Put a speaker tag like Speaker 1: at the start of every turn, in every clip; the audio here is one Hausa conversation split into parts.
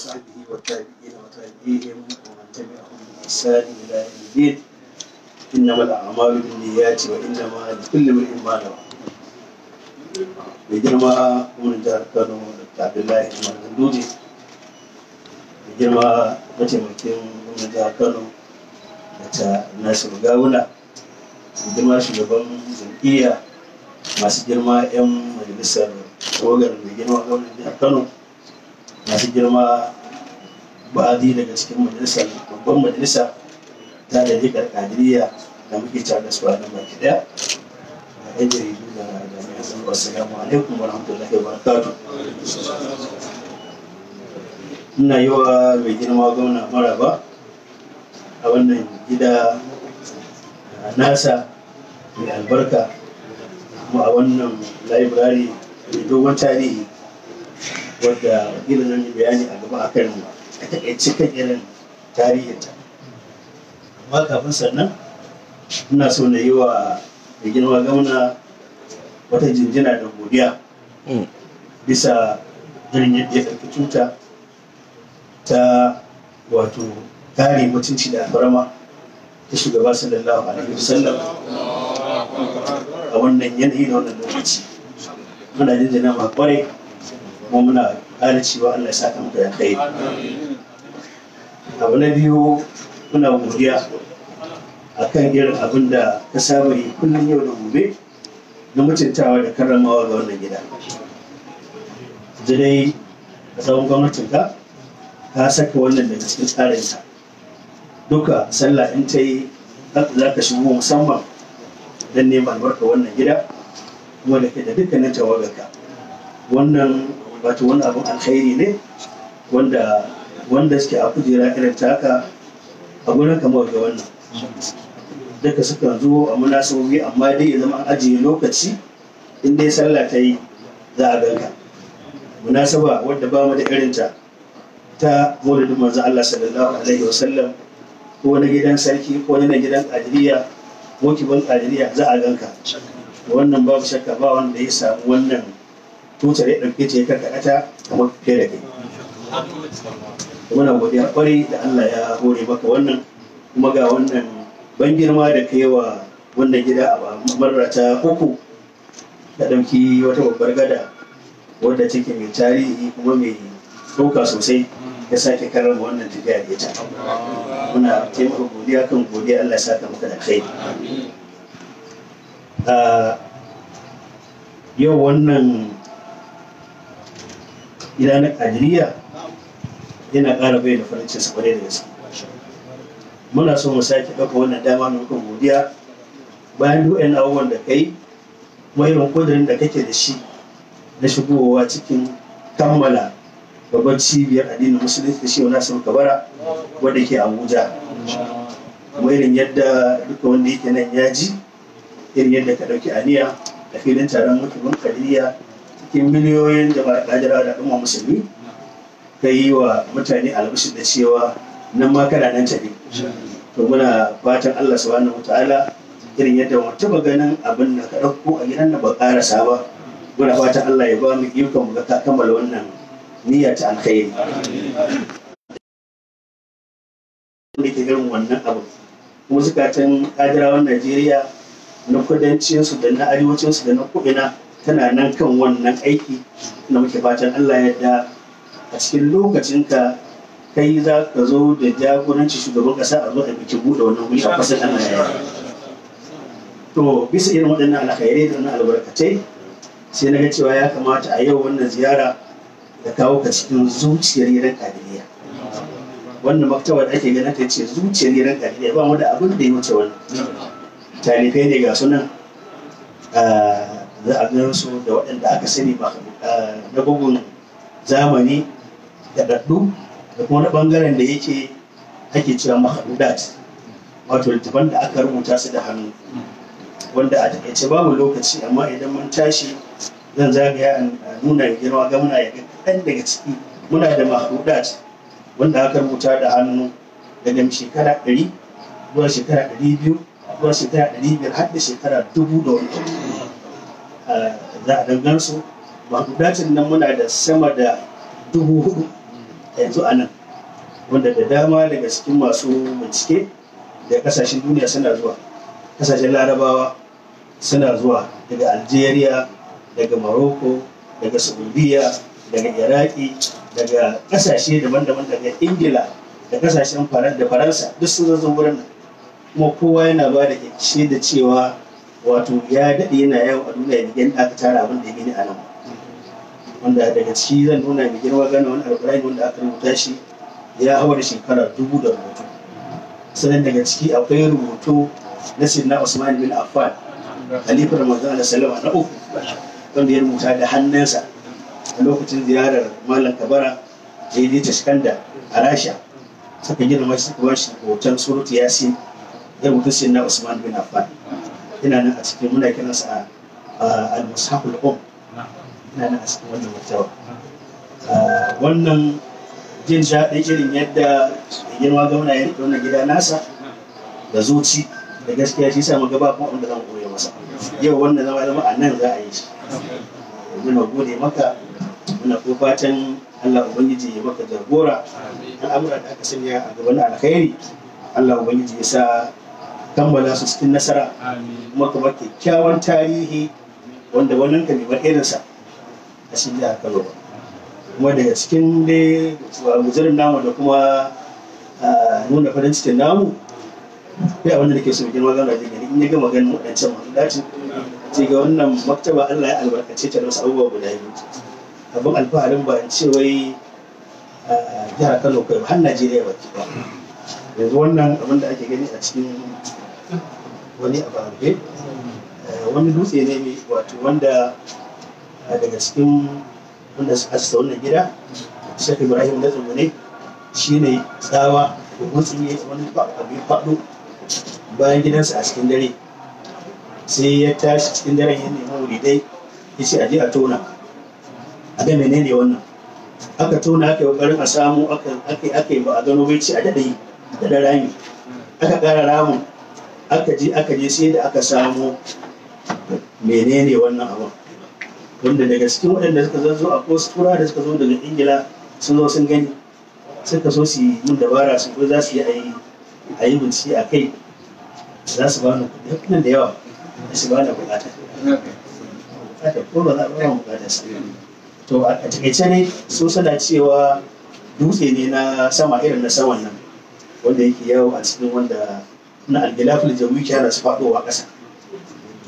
Speaker 1: وصحبه والتابعين وتابعيهم ومن تبعهم بإحسان إلى يوم الدين إنما الأعمال بالنيات وإنما لكل امرئ ما نوى mai girma gwamnan jihar kano da abdullahi umar ganduje mai girma mataimakin gwamnan jihar kano da ta nasiru gawuna mai girma shugaban jam'iyya masu girma 'yan majalisar tawagar mai girma gwamnan kano masu girma ba'adi daga cikin majalisar babban majalisa ta da rikar kadiriya da muke cewa da su a nan baki daya da yan jaridu da jami'an tsaro assalamu alaikum wa rahmatullahi wa barakatuh ina yi wa mai girma gwamna maraba a wannan gida nasa mai albarka kuma a wannan library mai dogon tarihi wadda wakilin nan yi bayani a gaba akan a takaice kan irin tarihinta amma kafin sannan ina so na yi wa da girma gamna wata jinjina da godiya mm. bisa irin yadda ya ta wato kare mutunci da farama ta shugaba sallallahu alaihi wasallam a wannan yanayi da wannan lokaci muna jinjina ma kwarai kuma muna ƙara cewa Allah ya saka maka da kai abu na biyu muna godiya akan irin abin da ka saba yi kullum yau da gobe na mutuntawa da karramawa ga wannan gida dai a tsawon gwamnatinka ka saka wannan daga cikin tsarinsa duka sallah in ta yi za ka shigo musamman don neman albarka wannan gida kuma da ke da dukkanin tawagarka wannan wato wani abin alkhairi ne wanda wanda suke a kujera irin taka a gurin kamar ga wannan duka sukan zo a munasabobi amma dai ya zama an ajiye lokaci in dai sallah ta yi za a ganka munasaba wadda ba mu da irinta ta maulidin manzo Allah sallallahu alaihi wasallam ko na gidan sarki ko na gidan kadiriya ko kiban kadiriya za a ganka wannan babu shakka ba wanda ya samu wannan tutar ya ɗauke ce ya karkaɗa ta kamar da kai muna godiya kwarai da Allah ya hore maka wannan kuma ga wannan ban girma da kai wa wannan gida a marra ta uku ta ɗauki wata babbar gada wadda take mai tarihi kuma mai ɗauka sosai ya sake karar wannan tafiya da ita muna taimaka godiya kan godiya Allah ya saka maka da kai ah, yau wannan gida na kadiriya yana ƙara bai da farin sa kwarai da gaske muna so mu sake ɗauka wannan dama mu godiya bayan duk ɗan abubuwan da kai kuma irin kodarin da kake da shi na shigowa cikin kammala babban cibiyar addinin musulunci da shi wani asibin kabara wadda ke abuja kuma irin yadda duka wanda yake nan ya ji irin yadda ka ɗauki aniya a filin taron mutumin kadiriya cikin miliyoyin jama'ar kajira da kuma musulmi ka yi wa mutane albishin da cewa nan ma kana nan tafi to muna fatan Allah subhanahu ta'ala irin yadda mu taba ganin abin da ka dauko a gidan da ba karasa ba muna fatan Allah ya ba mu ikon mu ga ka kammala wannan niyya ta alkhairi da ke garin wannan abu kuma zukatan kadirawan Najeriya na kudancinsu da na arewacinsu da na kuɗina tana nan kan wannan aiki na muke fatan Allah ya da a cikin lokacin ka kai za ka zo da jagoranci shugaban kasa a zo a biki buɗe wannan wuri a kasar Allah ya to bisa irin waɗannan alkhairai da wannan albarkatai sai na ga cewa ya kamata a yau wannan ziyara da kawo ka cikin zuciyar yaran kadiriya wannan maktaba da ake ganin ta ce zuciyar yaran kadiriya ba mu da abin da ya wuce wannan Talibai ne ga sunan ah, za a gan su da waɗanda aka sani na bugun zamani da daddu da kuma na ɓangaren da yake ake cewa mahadudat wato littafan da aka rubuta su da hannu wanda a takaice babu lokaci amma idan mun tashi zan zagaya a nuna girma ga muna yaga kaɗan daga ciki muna da mahadudat wanda aka rubuta da hannu daga shekara ɗari zuwa shekara ɗari biyu zuwa shekara ɗari biyar har da shekara dubu da wani za a dangan su magudatin nan muna da sama da dubu hudu yanzu a nan wanda da dama daga cikin masu bincike da kasashen duniya suna zuwa kasashen larabawa suna zuwa daga algeria daga morocco daga saudiya daga iraki daga kasashe daban-daban daga ingila da kasashen faransa duk sun zo wurin kuma kowa yana ba da da cewa wato ya daɗe yana yawo a duniya da yadda aka tara abin da ya gani a nan wanda daga ciki zan nuna mai girma gane wani alƙur'ani wanda aka rubuta shi ya hawa da shekara dubu da rubutu sannan daga ciki akwai rubutu na sirna usman bin affan khalifar manzon Allah sallama na uku wanda ya rubuta da hannunsa a lokacin ziyarar malam kabara da ya ta shikanda a rasha suka girma shi hoton surutu yasin ya rubuta sirna usman bin affan ina nan a cikin muna kiransa al-mushaful um ina nan a cikin wannan mutawa wannan jin daɗin irin yadda girma ga ya riƙe wannan gida nasa da zuci da gaskiya shi sa muga ba kuma wanda zan koya masa yau wannan zama zama a nan za a yi shi muna gode maka muna ko fatan Allah ubangiji ya maka jagora al'amura da aka sanya a gaban alkhairi Allah ubangiji ya sa kammala su cikin nasara kuma kuma kyakkyawan tarihi wanda wannan ka bar irinsa a cikin jihar Kano ba kuma daga cikin dai muzirin namu da kuma nuna farin cikin namu ya wanda da ke so girma gano da gani in ya gama ganin waɗancan masu dacin ce ga wannan maktaba Allah ya albarkace ta da wasu abubuwa guda biyu abin alfaharin ba in ce wai jihar Kano kai har Najeriya ba ba yanzu wannan abin da ake gani a cikin wani a barbe eh, wani dutse ne mai wato wanda ah, daga cikin wanda suka sa wannan gida shafi ibrahim da zumu ne shi ne tsawa da gutsun ya wani abin faɗo bayan gidansa a cikin dare sai ya tashi cikin daren ya nemi wuri dai ya ce aje a tona a ga menene wannan aka tona aka yi garin a samu aka yi ba a gano bai ce a daɗe da rami aka ƙara ramun aka je aka je sai da aka samu menene wannan abu wanda daga cikin waɗanda suka zo a tura da suka zo daga ingila sun zo sun gani suka so su yi dabara su ko za su yi a yi bincike a kai za su ba ni kuɗi da yawa da su ba ni bukata bukata ko ba za a ba bukata su to a takaice ne su suna cewa dutse ne na sama irin na saman nan wanda yake yawo a cikin wanda na aljilafin jami'i ke hana su faɗowa ƙasa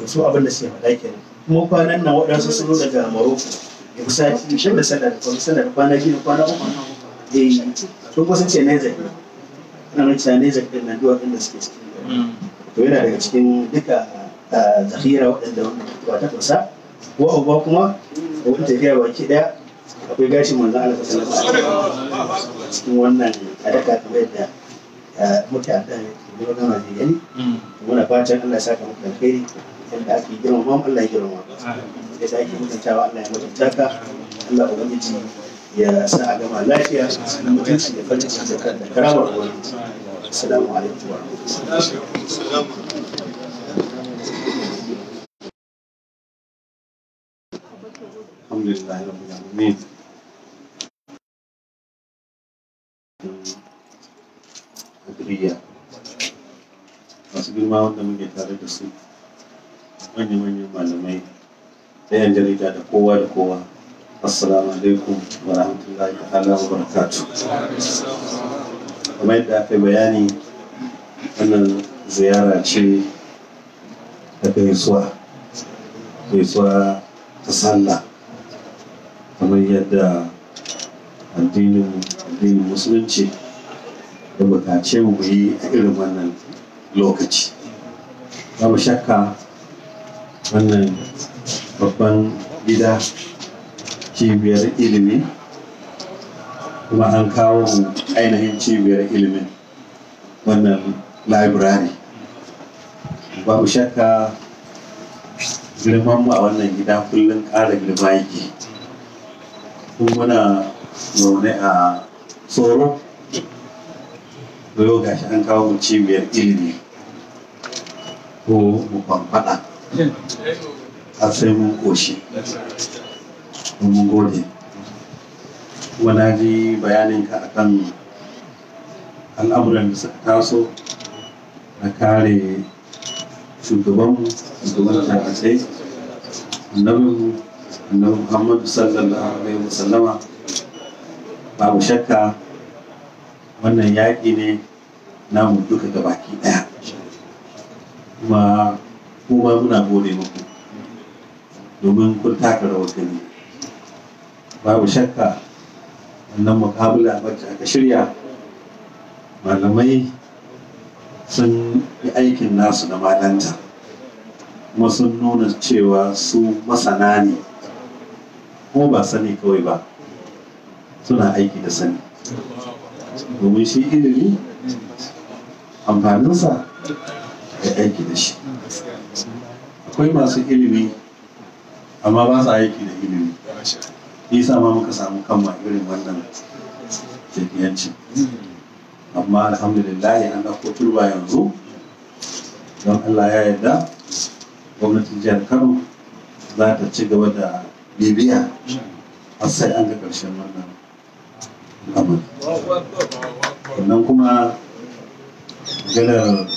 Speaker 1: to su abin da suke faɗa kenan kuma kwanan nan waɗansu sun zo daga maroko ya fi sati shan da sallar kwana da kwana biyu kwana uku eh sun kusan ce ne zai ana nan cewa ne zai ɗin na ɗin da suke ciki to yana daga cikin duka zahira waɗanda ba ta kusa ko abuwa kuma da wani tafiya baki ɗaya akwai gashin manzan Allah ta alaihi cikin wannan adaka kamar yadda mutane kuma gama da gani hmm. muna fatan Allah saka maka alheri yadda ake girmama Allah ya girmama ya sa ake mutuntawa Allah ya mutunta ka Allah ubangiji ya sa a gama lafiya da mutunci da farin ciki da karamar assalamu alaikum wa rahmatullahi
Speaker 2: ma wanda muke tare da su manya-manyan malamai da yan jarida da kowa da kowa assalamu alaikum wa rahmatullahi ta'ala wa barakatu kamar yadda aka bayani wannan ziyara ce da gaisuwa gaisuwa ta sallah kamar yadda addinin musulunci da bukace mu yi a irin wannan lokaci babu shakka wannan babban gida cibiyar ilimi kuma an kawo ainihin cibiyar ilimin wannan library babu shakka girman mu a wannan gida kullum ƙara girma yake kuma muna zaune a tsoro yau gashi an kawo mu cibiyar ilimi ko mu kwamfada har sai mun koshi mun gode kuma na ji bayaninka akan al'amuran da suka taso na kare shugabanmu shugaban tarasai annabinmu annabi muhammadu sallallahu alaihi wasallama babu shakka wannan yaƙi ne namu duka gabaki ɗaya kuma kuma muna gode muku domin kun taka rawar gani babu shakka wannan mukabula wacce aka shirya malamai sun yi aikin nasu na malanta kuma sun nuna cewa su masana ne ko ba sani kawai ba suna aiki da sani domin shi ilimi amfaninsa yi aiki da shi akwai masu ilimi amma ba su aiki da ilimi nisa ma muka samu kanma irin wannan tafiyanci amma alhamdulillah an ɗauko turba yanzu don allah ya yarda gwamnatin jihar kano za ta ci gaba da bibiya har sai an ga ƙarshen wannan amma sannan kuma maganar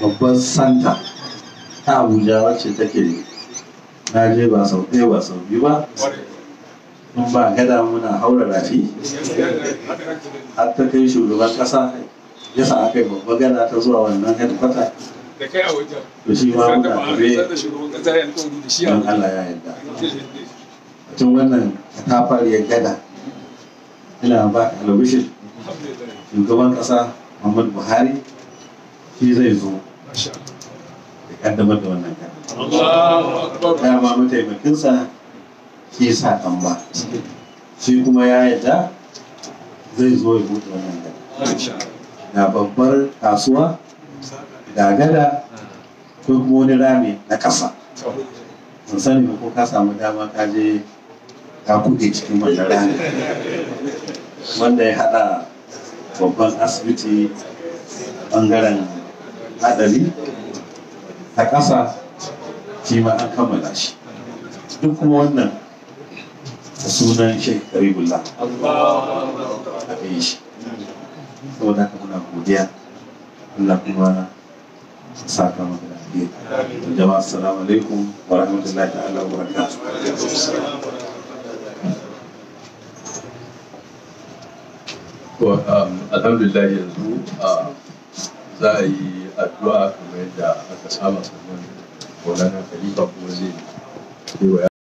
Speaker 2: babban santa ta abuja wacce take na je ba sau ɗaya ba sau biyu ba mun ba gada muna haura rafi har ta kai shugaban ƙasa ya sa aka yi babba gada ta zuwa wannan headquarter
Speaker 1: da
Speaker 2: shi ma muna tare don Allah ya yarda tun wannan ta ya gada ina ba ka alwishin shugaban ƙasa Muhammadu Buhari shi zai zo ya kaddamar da wannan kaddamar ma mataimakinsa shi sa an ba shi kuma ya yadda zai zo ya buɗe wannan kaddamar. na babbar kasuwa da gada ko kuma wani rami na ƙasa Mun sani ba ko ka samu dama ka je ka kuɗe cikin wannan rami wanda ya haɗa babban asibiti bangaren hadari ta kasa shi ma an kammala shi duk kuma wannan da sunan shek karibullah a yi shi da haka muna godiya Allah kuma saka maka da da jama'a assalamu alaikum wa rahmatullahi ta'ala wa barakatuh um, alhamdulillah yanzu uh, za a yi addu'a kamar yadda aka saba sannan wannan khalifa kuma zai yi